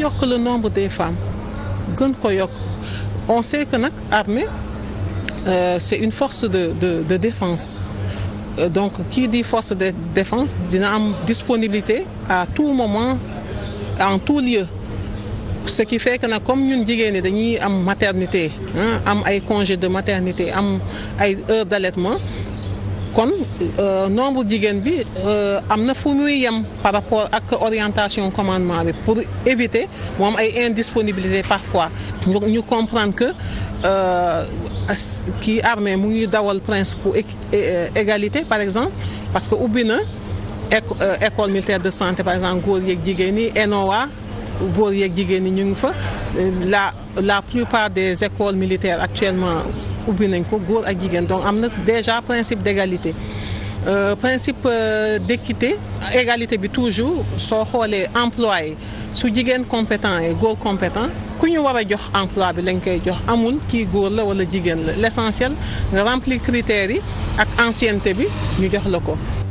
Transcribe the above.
yokk le nombre des femmes gën ko yokk on sait que nag armée euh, c'est une force de de de défense euh, donc kii di force de défense dina am disponibilité à tout moment en tous lieu ce qui fait que nag comme ñun jigéen ñi dañuy am maternité am ay congé de maternité am ay heure d'allaitement kon euh, nombre jigéen bi euh, am na fu muy yem par rapport ak orientation commandement bi pour éviter moom ay indisponibilité parfois ñu comprendre que euh, kii armée mu ngi dawal principe égalité par exemple parce que ubbi na école militaire de santé par exemple góor yeeg jigéen ñi ENOA góor yeeg jigéen ñi ñu ngi fa la la plupart des écoles militaires actuellement ubbi nañ ko góor ak jigéen donc am na déjà principe d'égalité Euh, principe euh, d'équité égalité bi toujours soo xoolee emploi yi su jigéen compétent yi góor compétent ku ñu war a jox emploi bi lañ koy jox amul kii góor la walla jigéen la l'essentiel nga remplir critères yi ak ancienneté bi ñu jox la ko